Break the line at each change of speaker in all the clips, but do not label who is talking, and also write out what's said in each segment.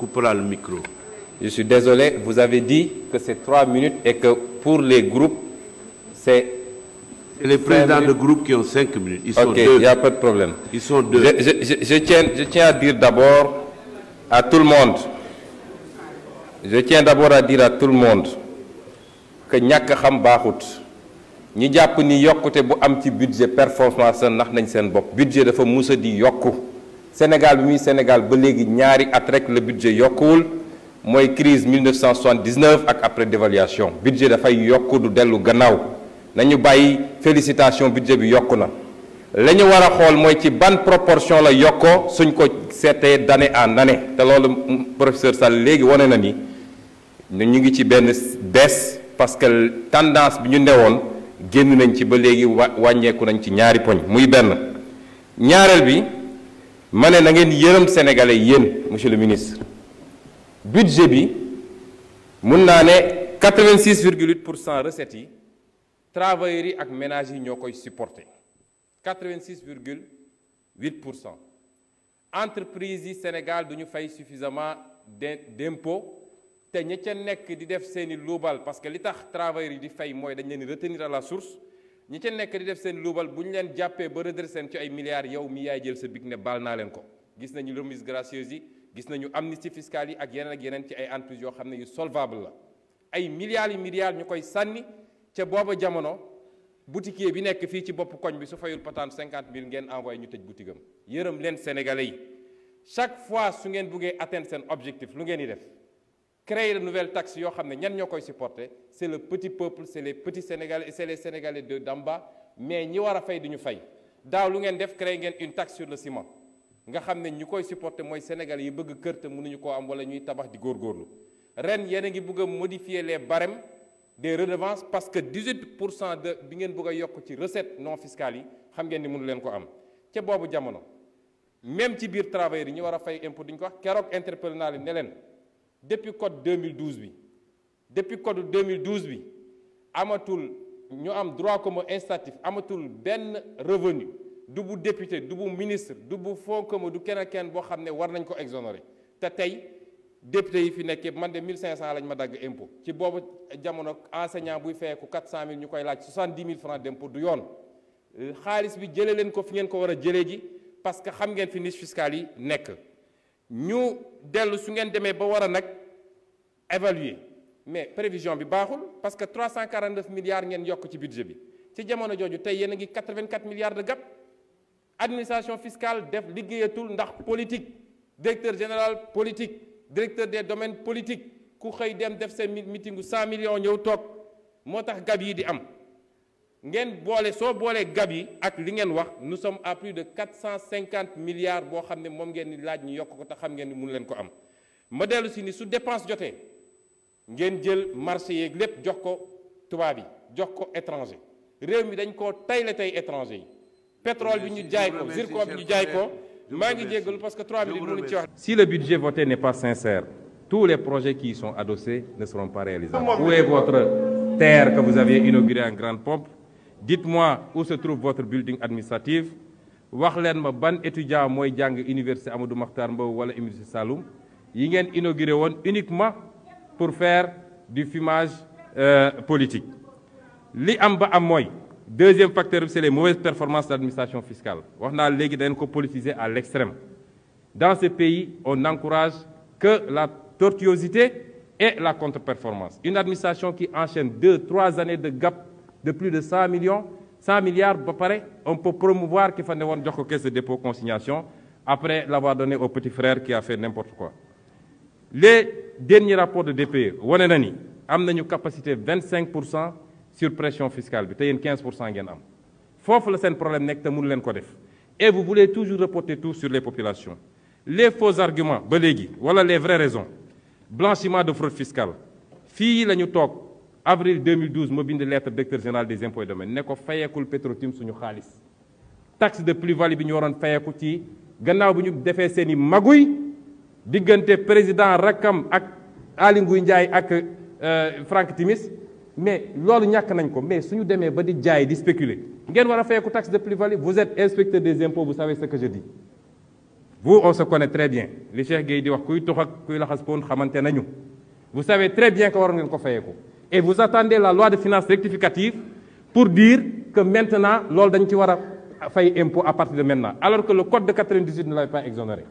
coupera le micro. Je suis désolé, vous avez dit que c'est trois minutes et que pour les groupes, c'est... Les présidents de groupe qui ont cinq minutes, ils sont okay, deux. il n'y a pas de problème. Je, je, je tiens, je tiens à dire d'abord à tout le monde, je tiens d'abord à dire à tout le monde que ñàkk xam baaxut ñi jàpp ni yokkute bu am ci budget performance nax nañ seen bopp budget dafa musa di yokk Sénégal bi muy Sénégal ba léegi ñaari at rek le budget yokkuwul mooy crise 1979 ak après dévaluation budget dafay yokku du dellu gannaaw nañu bàyyi félicitation budget bi yokku na la ñu war a xool mooy ci ban proportion la yokkoo suñ ko seete d'année en année te loolu professeur Sall léegi wane na ni ñu ngi ci benn baisse parce que tendance bi ñu newoon génn nañ ci ba léegi wàññeeku nañ ci ñaari poñ muy benn ñaareel bi ma ne na ngeen yërëm sénégalais yéen monsieur le ministre budget bi
mun naa ne 86 virgule
8 pour cent recettes yi travailleurs yi ak ménages yi ñoo koy supporter 86 virgule 8 pour cent entreprises yi Sénégal duñu ñu suffisament de d'impôt te ña ca nekk di def seeni luubal parce que li tax travailleurs yi di fay mooy dañ leen retenir à la source ñi ca nekk di def seen luubal bu ñu leen jàppee ba redressé seen ci ay milliards yow mi yaay jël sa big ne baal naa leen ko gis nañu remises gracieuses yi gis nañu amnistie fiscale yi ak yeneen ak yeneen ci ay entreprises yoo xam ne yu solvable la ay milliards yu milliards ñu koy sànni ca booba jamono boutiquier bi nekk fii ci bopp koñ bi su fayul patente cinquante mille ngeen envoyé ñu tëj boutique am yërëm leen sénégalais yi chaque fois su ngeen buggee atteindre seen objectif lu ngeen di def créer de nouvelles taxes yoo xam ne ñan ñoo koy supporter c'est le petit peuple c'est les petits sénégalais et c'est les sénégalais de d'en mais ñi war a fay duñu fay daaw lu ngeen def créer ngeen une taxe sur le ciment nga xam ne ñi koy supporter mooy sénégalais yi bëgg kër te mënuñu ko am wala ñuy tabax di góorgóorlu ren yéen a ngi bëgg a modifier les barèmes de redevances parce que 18 pour cent de bi ngeen bëgg a yokk ci recettes non fiscales yi xam ngeen ni mënu leen ko am ca boobu jamono même ci biir travailleurs yi ñu a fay impôt duñu ko wax keroog depuis code 2012 bi depuis code 2012 bi amatul ñu am droit comme incitatif amatul benn revenu du bu député ministre du bu fonds commun du keneen kenn boo xam ne war nañ ko exonérer te tey député yi fi nekkee man de 1500 lañ ma dagg impôt ci boobu jamono enseignant buy feyeeku 400000 ñu koy laaj 70000 francs d'impôt du yoon euh, xaalis bi jëlee leen ko fi ngeen ko war a jëlee ji parce que xam ngeen fi niche fiscale yi nekk. ñu dellu su ngeen demee ba war a nag évaluer mais prévision bi baaxul parce que 349 milliards ngeen yokk ci budget bi ci jamono jooju tey yéen a ngi 84 milliards de gap administration fiscale def liggéeyatul ndax politique directeur général politique directeur des domaines politique ku xëy dem def seen meetingu 100 millions ñëw toog moo tax gab yi di am ngeen boole soo boolee gab yi ak li ngeen wax nous sommes à plus de 450 milliards boo xam ne moom ngeen ni laaj ñu yokk ko te xam ngeen mu mun leen ko am ma dellu si ni su dépense jotee ngeen jël marché yeeg lépp jox ko tubaab yi jox ko étranger réew mi dañ koo tay la tey étranger yi pétrole bi ñu jaay ko zircon bi ñu jaay ko maa ngi jéggalu parce que 3 minutes mënuñ ci si le budget voté n'est pas sincère tous les projets qui y sont adossés ne seront pas réalisables où est votre terre que vous aviez inaugurée en grande pompe dites-moi où se trouve votre building administratif wax leen ma ban étudiant mooy jàng université Amadou Mahtar Mbow wala université Saloum yi ngeen inauguré woon uniquement pour faire du fumage euh, politique li am ba am mooy deuxième facteur bi c'est les mauvaises performances de fiscale wax naa léegi dañ ko politiser à l'extrême dans ce pays on la tortuosité et la contre-performance une administration qui enchaîne deux trois années de gap de plus de cent millions cent milliards ba pare on peut promouvoir ki fa ne woon jox ko caisse de dépôt consignation après l'avoir donné au petit frère qui a fait n'importe quoi les derniers rapports de DPE wane na ni am nañu capacité vingt cinq pour cent sur pression fiscale bi te yéen quinze pour cent ngeen am foofu la seen problème nekk te munu leen ko def et vous voulez toujours reporter tout sur les populations les faux arguments ba léegi wala les vraies raisons blanchiment de fraude fiscale fii la ñu toog avril 2012 ma bind lettre directeur général des impôts et domaines ne ko fayeekul Petrotim suñu xaalis taxe de plus-value bi ñu waroon fayeeku ci gannaaw bi ñu defee seen i maguy diggante président rakkam ak Aly guy Ndiaye ak euh, Frank Timis mais loolu ñàkk nañ ko mais suñu demee ba di jaay di spéculer ngeen war a fayeeku taxe de plus-value vous êtes inspecteur des impôts vous savez ce que je dis vous se connaît très bien li Cheikh Gueye di wax kuy tux ak kuy laxas poon xamante nañu vous savez très bien que waroon ngeen fayeeku et vous attendez la loi de finances rectificative pour dire que maintenant loolu dañ ci war a fay impôt à partir de maintenant alors que le code de 98 ne l'avait pas exonéré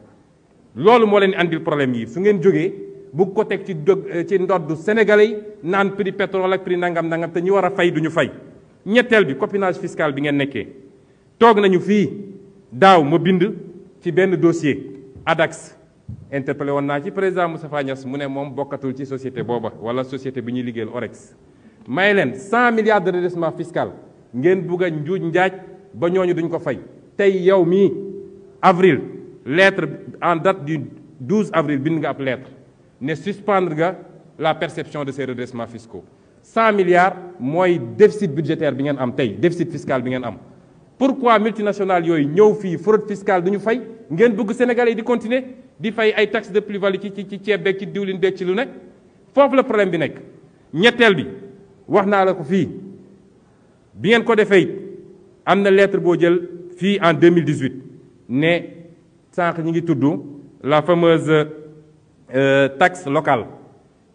loolu moo leen andil problème yi su ngeen jógee bugg ko teg ci dog ci ndodd sénégalais naan prix pétrole ak prix nangam nangam te ñu war a fay du ñu fay ñetteel bi copinage fiscal bi ngeen nekkee toog nañu fii daaw ma bind ci benn dossier ADAX interpellé woon naa ci président Moustapha Niass mu ne moom bokkatul ci société booba wala société bi ñuy liggéeyal OREX may leen 100 milliards de redressement fiscal ngeen bugg a njuuj njaaj ba ñooñu duñ ko fay tey yow mii avril lettre en date du 12 avril bind nga ab lettre ne suspendre nga la perception de ces redressements fiscaux 100 milliards mooy déficit budgétaire bi ngeen am tey déficit fiscal bi ngeen am pourquoi multinationales yooyu ñëw fii fraude fiscale duñu ñu fay ngeen bëgg Sénégalais di continuer di fay ay taxe de plus-value ci ci ceeb beeg ci diwlin beeg ci lu nekk foofu la problème bi nekk ñetteel bi wax naa la ko fii bi ngeen ko defee it am na lettre boo jël fii en 2018 ne sànq ñi ngi tudd la fameuse euh, taxe locale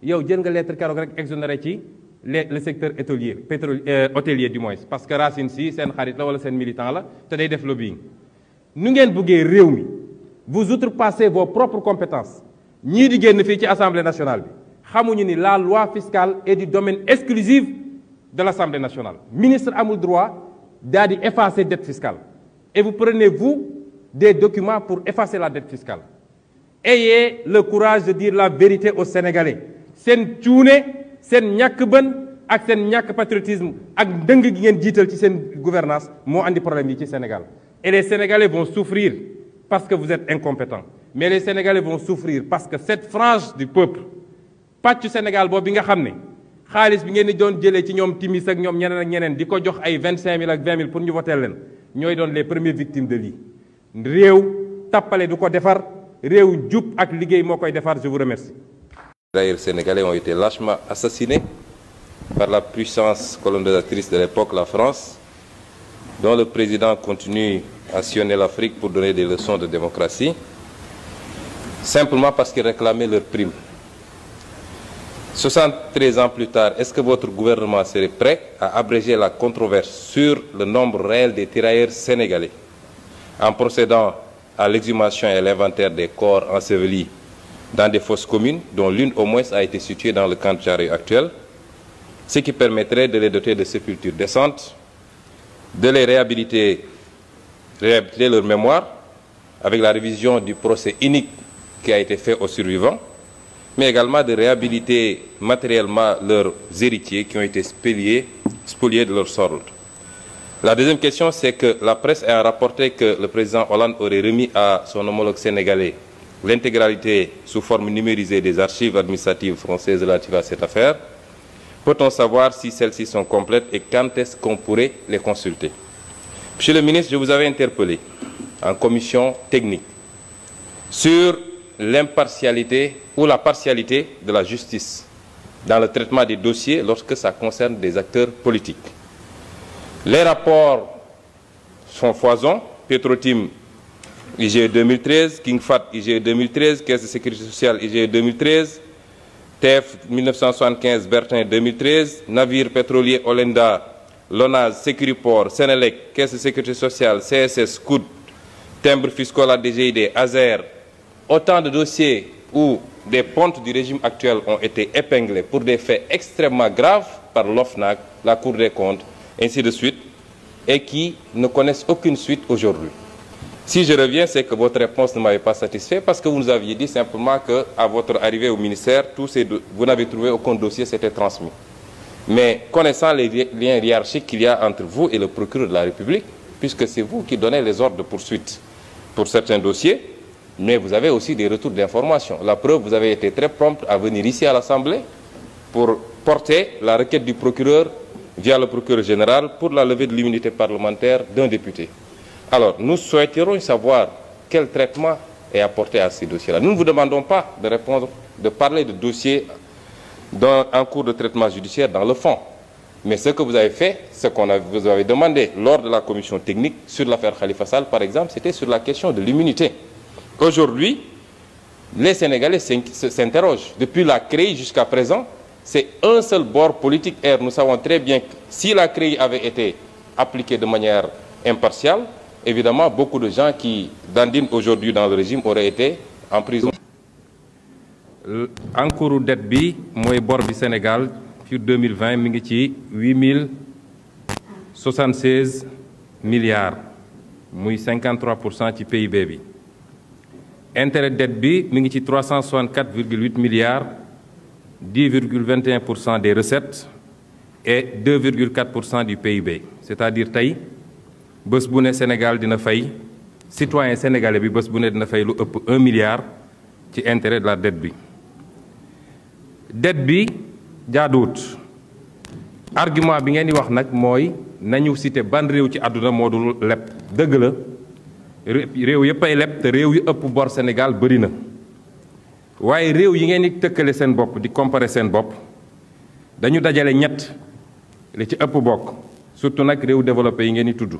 yow jël nga lettre keroog rek exonéré ci le secteur hôtelier pétrole euh, hôtelier du moins parce que Racine si seen xarit la wala seen militant la te day def lobbying nu ngeen buggee réew mi vous outrepassez vos propres compétences ñii di génn fii ci assemblée nationale bi xamuñu ni la loi fiscale est du domaine exclusif de l'assemblée nationale ministre amul droit daal di effacer dette fiscale et vous prenez vous des documents pour effacer la dette fiscale ayez le courage de dire la vérité au Sénégalais seen cuune seen ñàkk bën ak seen ñàkk patriotisme ak ndëng gi ngeen jiital ci seen gouvernance moo andi problème yi ci Sénégal et les Sénégalais vont souffrir parce que vous êtes incompétent mais les Sénégalais vont souffrir parce que cette frange du peuple pàccu Sénégal boobu bi nga xam ne xaalis bi ngeen di doon jëlee ci ñoom timis ak ñoom ñeneen ak ñeneen di ko jox ay vingt cinq mille ak vingt mille pour ñu voter leen ñooy doon les premières victimes de lii réew tappale du ko defar réew jub ak liggéey moo koy defar je vous remercie. D'ailleurs, sénégalais ont été lâchement assassinés par la puissance colonisatrice de l'époque, la France. dont le président continue à sillonner l'Afrique pour donner des leçons de démocratie, simplement parce qu'ils réclamaient leur prime. 73 ans plus tard, ce que votre gouvernement serait prêt à abréger la controverse sur le nombre réel des tirailleurs sénégalais en procédant à l'exhumation et l'inventaire des corps ensevelis dans des fosses communes, dont l'une au moins a été dans le camp de Tchare actuel, ce qui permettrait de les doter de de les réhabiliter, réhabiliter leur mémoire avec la révision du procès unique qui a été fait aux survivants, mais également de réhabiliter matériellement leurs héritiers qui ont été spoliés, spoliés de leur solde. La deuxième question, c'est que la presse a rapporté que le président Hollande aurait remis à son homologue sénégalais l'intégralité sous forme numérisée des archives administratives françaises relatives à cette affaire. Peut-on savoir si celles-ci sont complètes et quand est-ce qu'on pourrait les consulter Monsieur le ministre, je vous avais interpellé en commission technique sur l'impartialité ou la partialité de la justice dans le traitement des dossiers lorsque ça concerne des acteurs politiques. Les rapports sont foison, Petrotim IGE 2013, King Fat IGE 2013, Caisse de sécurité sociale IGE 2013, TF 1975 Bertin 2013 navire pétrolier Olenda Lonase Sécuriport Sénélec Caisse de sécurité sociale CSS COUD timbre fiscal à DGID ASER autant de dossiers où des pontes du régime actuel ont été épinglés pour des faits extrêmement graves par l'OFNAC, la Cour des comptes, ainsi de suite, et qui ne connaissent aucune suite aujourd'hui. Si je reviens, c'est que votre réponse ne m'avait pas satisfait parce que vous nous aviez dit simplement que à votre arrivée au ministère, vous n'avez trouvé aucun dossier, c'était transmis. Mais connaissant les liens hiérarchiques qu'il y a entre vous et le procureur de la République, puisque c'est vous qui donnez les ordres de poursuite pour certains dossiers, mais vous avez aussi des retours d'informations. La preuve, vous avez été très prompt à venir ici pour porter procureur via le procureur général pour la Alors, nous souhaiterons savoir quel traitement est apporté à ces dossiers-là. Nous ne vous demandons pas de répondre, de parler de dossiers dans, en cours de traitement judiciaire dans le fond. Mais ce que vous avez fait, ce qu'on vous avez demandé lors de la commission technique sur l'affaire Khalifa Sall, par exemple, c'était sur la question de l'immunité. Aujourd'hui, les Sénégalais la CRI jusqu'à présent, c'est un seul bord politique. Et nous savons très bien que si la CRI avait été appliquée de manière impartiale, évidemment, beaucoup de gens qui dandinent aujourd'hui dans le régime auraient été en prison. Euh, encouru dette bi mooy bor bi Sénégal sur 2020 mi ngi ci 8 076 milliards muy 53 pour cent ci PIB bi intérêt dette bi mi ngi ci 364 virgule 8 milliards 10 virgule 21 pour cent des recettes et 2 virgule 4 pour cent du PIB c'est-à-dire tey bés bu ne Sénégal dina fay citoyen sénégalais bi bés bu ne dina fay lu ëpp un milliard ci intérêt la dette bi dette bi jaaduwut argument bi ngeen di wax nag mooy nañu cité ban réew ci àdduna moo dul leb dëgg la réew yëpp ay leb te réew yu ëpp bor Sénégal bëri na waaye réew yi ngeen di tëkkale seen bopp di comparer seen bopp dañu dajale ñett li ci ëpp bokk surtout nag réew développé yi ngeen di tudd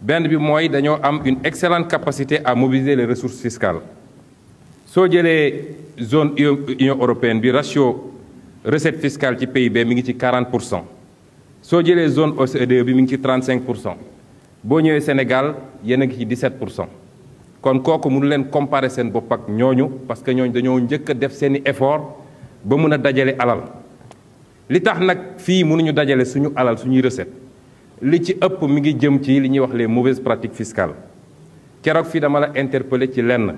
benn bi mooy dañoo am une excellente capacité à mobiliser les ressources fiscales soo jëlee zone union européenne bi ratio recette fiscale ci PIB mu ngi ci 40 pour cent soo jëlee zone OCDE bi mu ngi ci 35 pour cent boo ñëwee Sénégal yéen a ngi ci 17 pour cent kon kooku mënu leen comparer seen bopp ak ñooñu parce que ñooñu dañoo njëkk a def seeni effort ba mun a dajale alal li tax nag fii mënuñu dajale suñu alal suñuy recette li ci ëpp mi ngi jëm ci li ñuy wax les mauvaises pratique fiscales keroog fii dama la interpeller ci lenn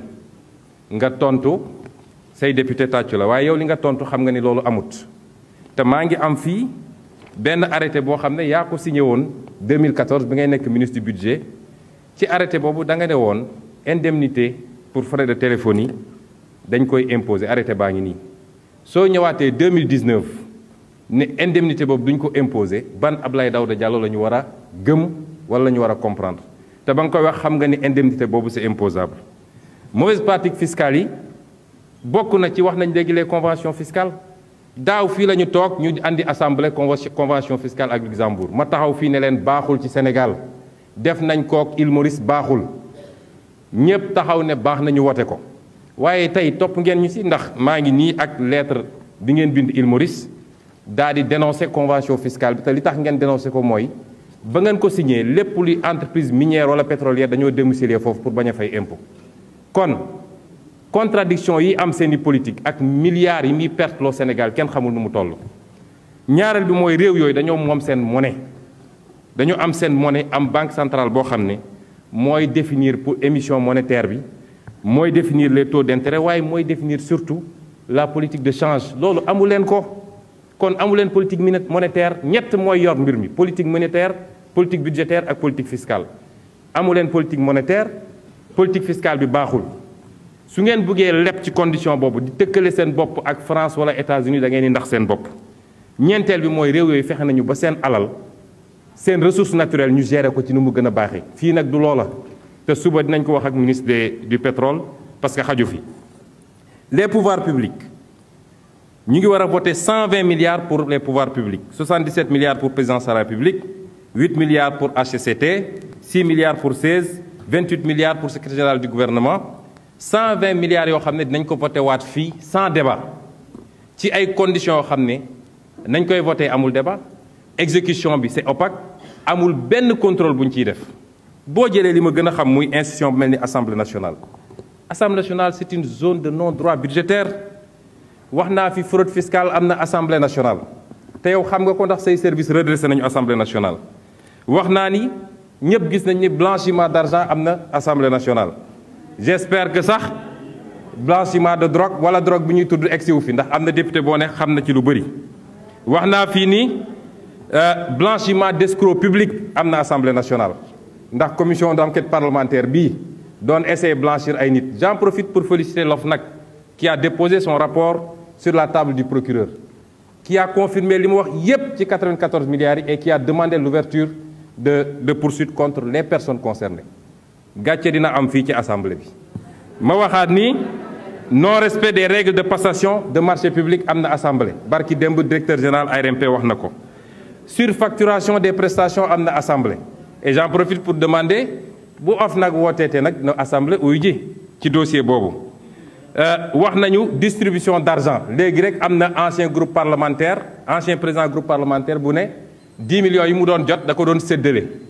nga tontu say député tàccu la waaye yow li nga tontu xam nga ni loolu amut te maa ngi am fii benn arrêté boo xam ne yaa ko signé woon 2014 bi ngay nekk ministre du budget ci arrêté boobu da nga ne woon indemnité pour frais de yi dañ koy imposé arrêté baa ngi nii soo ñëwaatee 2019 ne indemnité boobu duñ ko imposer ban Ablaye Daouda Diallo la ñu war a gëm wala la ñu war a comprendre te ba nga koy wax xam nga ni indemnité boobu c'est imposable mauvaise pratique fiscale yi bokk na ci wax nañ léegi convention conventions daaw fii la ñu toog ñu andi assemblée convention fiscale ak Luxembourg ma taxaw fii ne leen baaxul ci senegal def nañ kook Île Maurice baaxul ñépp taxaw ne baax nañu wote ko waaye tey topp ngeen ñu si ndax maa ngi nii ak lettre bi ngeen bind Île daa di dénoncer convention fiscale bi te li tax ngeen dénoncer ko mooy ba ngeen ko signé lépp luy entreprise minière wala pétrolière dañoo domicilier foofu pour bañ a fay impôt kon contradiction yi am seeni politique ak milliards yi mii perte loo Sénégal kenn xamul nu mu toll ñaareel bi mooy réew yooyu dañoo moom seen monnaie dañoo am seen monnaie am banque centrale boo xam ne mooy définir pour émission monétaire bi mooy définir les taux d'intérêt waaye mooy définir surtout la politique de change loolu amu leen ko kon amu leen politique monétaire ñett mooy yor mbir mi politique monétaire politique budgétaire ak politique fiscale amu leen politique monétaire politique fiscale bi baaxul su ngeen bëggee leb ci condition boobu di tëkkale seen bopp ak France wala États-Unis da ngeen di ndax seen bopp ñeenteel bi mooy réew yooyu fexe nañu ba seen alal seen ressource naturelle ñu gérer ko ci nu mu gën a baaxee fii nag du loola te suba dinañ ko wax ak ministre du pétrole parce que xaju fi les pouvoirs publics ñu ngi war a voté 120 milliards pour les pouvoirs publics 77 milliards pour présidence de la République 8 milliards pour HCCT 6 milliards pour CESE pour secrétaire général du gouvernement 120 milliards yoo xam ne dinañ ko voté waat fii sans débat ci ay condition yoo xam ne nañ koy voté amul débat execution bi c'est opaque amul benn contrôle bu ñu ciy def boo jëlee li ma gën a xam muy institution bu mel ni assemblée nationale. assemblée nationale c'est une zone de non droit budgétaire. wax naa fi fraude fiscale am na assemblée nationale te yow xam nga ko ndax say service redressé nañu assemblée nationale wax naa ni ñëpp gis nañ ni blanchiment d'argent am na assemblée nationale j'espère que sax blanchiment de drogue wala drogue bi ñuy tudd egsi wu fi ndax am na député boo ne xam na ci lu bëri wax naa fii nii euh, blanchiment d'escroc public am na assemblée nationale ndax commission d'enquête parlementaire bi doon essayer blanchir ay nit j'en pour féliciter l'OFNAC qui a déposé rapport sur la table du procureur ki a confirmé li mu wax yépp ci 94 milliards yi et qui a demandé l'ouverture de de contre les personnes concernées gàcce dina am fii ci assemblée bi ma waxaat ni non respect des règles de passation de marché public am na assemblée barki démb directeur général ARMP wax na ko surfacturation des prestation am na assemblée et j'en profite pour demander bu OFNAC wootee nag na assemblée uyu ji ci dossier boobu Euh, wax nañu distribution d'argent léegi rek am na ancien groupe parlementaire ancien président groupe parlementaire bu ne 10 millions yi mu doon jot da ko doon séddale